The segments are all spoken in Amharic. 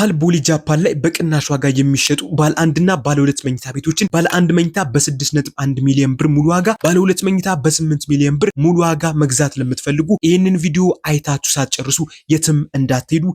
መሀል ቦሌ ጃፓን ላይ በቅናሽ ዋጋ የሚሸጡ ባለ አንድና ባለ ሁለት መኝታ ቤቶችን ባለ አንድ መኝታ በ6.1 ሚሊዮን ብር ሙሉ ዋጋ፣ ባለ ሁለት መኝታ በ8 ሚሊዮን ብር ሙሉ ዋጋ መግዛት ለምትፈልጉ ይህንን ቪዲዮ አይታችሁ ሳትጨርሱ የትም እንዳትሄዱ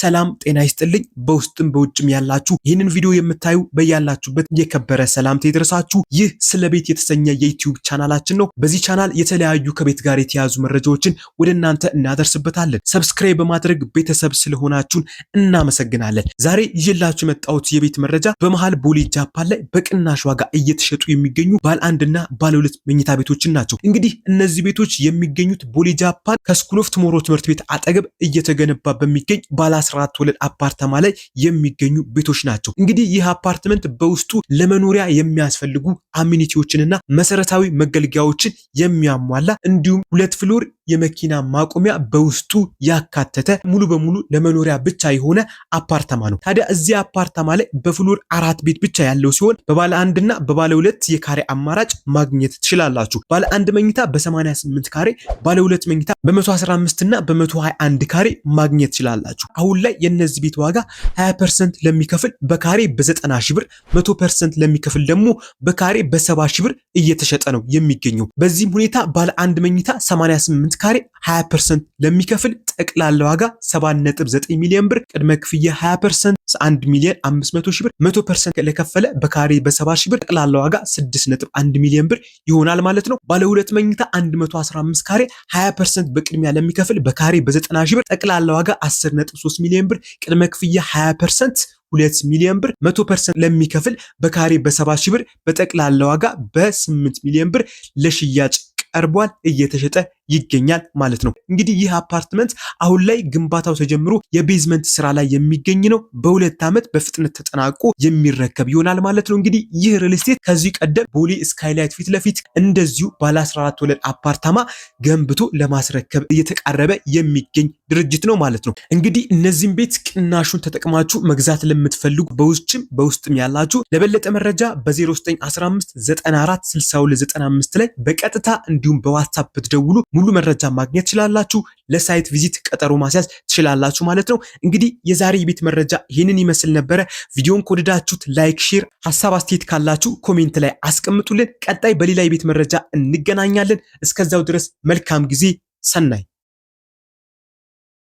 ሰላም ጤና ይስጥልኝ። በውስጥም በውጭም ያላችሁ ይህንን ቪዲዮ የምታዩ በያላችሁበት የከበረ ሰላምታ ይድረሳችሁ። ይህ ስለ ቤት የተሰኘ የዩቲዩብ ቻናላችን ነው። በዚህ ቻናል የተለያዩ ከቤት ጋር የተያዙ መረጃዎችን ወደ እናንተ እናደርስበታለን። ሰብስክራይብ በማድረግ ቤተሰብ ስለሆናችሁን እናመሰግናለን። ዛሬ ይዤላችሁ የመጣሁት የቤት መረጃ በመሃል ቦሌ ጃፓን ላይ በቅናሽ ዋጋ እየተሸጡ የሚገኙ ባለ አንድና ባለ ሁለት መኝታ ቤቶችን ናቸው። እንግዲህ እነዚህ ቤቶች የሚገኙት ቦሌ ጃፓን ከስኩል ኦፍ ቱሞሮ ትምህርት ቤት አጠገብ እየተገነባ በሚገኝ ባለ ባለአስራአራት ወለል አፓርታማ ላይ የሚገኙ ቤቶች ናቸው። እንግዲህ ይህ አፓርትመንት በውስጡ ለመኖሪያ የሚያስፈልጉ አሚኒቲዎችንና መሰረታዊ መገልገያዎችን የሚያሟላ እንዲሁም ሁለት ፍሎር የመኪና ማቆሚያ በውስጡ ያካተተ ሙሉ በሙሉ ለመኖሪያ ብቻ የሆነ አፓርታማ ነው። ታዲያ እዚህ አፓርታማ ላይ በፍሉር አራት ቤት ብቻ ያለው ሲሆን በባለ አንድና በባለ ሁለት የካሬ አማራጭ ማግኘት ትችላላችሁ። ባለ አንድ መኝታ በ88 ካሬ፣ ባለ ሁለት መኝታ በ115 እና በ121 ካሬ ማግኘት ትችላላችሁ። አሁን ላይ የእነዚህ ቤት ዋጋ 20 ፐርሰንት ለሚከፍል በካሬ በ90 ብር፣ 100 ፐርሰንት ለሚከፍል ደግሞ በካሬ በ70 ሺህ ብር እየተሸጠ ነው የሚገኘው። በዚህም ሁኔታ ባለ አንድ መኝታ 88 ካሬ 20 ፐርሰንት ለሚከፍል ጠቅላላ ዋጋ 7.9 ሚሊዮን ብር፣ ቅድመ ክፍያ 20 ፐርሰንት 1 ሚሊዮን 500 ሺህ ብር፣ 100 ፐርሰንት ለከፈለ በካሬ በ70 ሺህ ብር ጠቅላላ ዋጋ 6.1 ሚሊዮን ብር ይሆናል ማለት ነው። ባለ ሁለት መኝታ 115 ካሬ 20 ፐርሰንት በቅድሚያ ለሚከፍል በካሬ በ90 ሺህ ብር ጠቅላላ ዋጋ 10.3 ሚሊዮን ብር፣ ቅድመ ክፍያ 20 ፐርሰንት ሁለት ሚሊዮን ብር 100 ፐርሰንት ለሚከፍል በካሬ በ70 ሺህ ብር በጠቅላላ ዋጋ በ8 ሚሊዮን ብር ለሽያጭ ቀርቧል። እየተሸጠ ይገኛል ማለት ነው። እንግዲህ ይህ አፓርትመንት አሁን ላይ ግንባታው ተጀምሮ የቤዝመንት ስራ ላይ የሚገኝ ነው። በሁለት ዓመት በፍጥነት ተጠናቆ የሚረከብ ይሆናል ማለት ነው። እንግዲህ ይህ ሪል ስቴት ከዚህ ቀደም ቦሌ ስካይላይት ፊት ለፊት እንደዚሁ ባለ 14 ወለል አፓርታማ ገንብቶ ለማስረከብ እየተቃረበ የሚገኝ ድርጅት ነው ማለት ነው። እንግዲህ እነዚህም ቤት ቅናሹን ተጠቅማችሁ መግዛት ለምትፈልጉ በውጭም በውስጥም ያላችሁ ለበለጠ መረጃ በ0915 94 6295 ላይ በቀጥታ እንዲሁም በዋትሳፕ ብትደውሉ ሙሉ መረጃ ማግኘት ትችላላችሁ። ለሳይት ቪዚት ቀጠሮ ማስያዝ ትችላላችሁ ማለት ነው። እንግዲህ የዛሬ የቤት መረጃ ይህንን ይመስል ነበረ። ቪዲዮን ከወደዳችሁት ላይክ፣ ሼር፣ ሀሳብ አስተያየት ካላችሁ ኮሜንት ላይ አስቀምጡልን። ቀጣይ በሌላ የቤት መረጃ እንገናኛለን። እስከዛው ድረስ መልካም ጊዜ፣ ሰናይ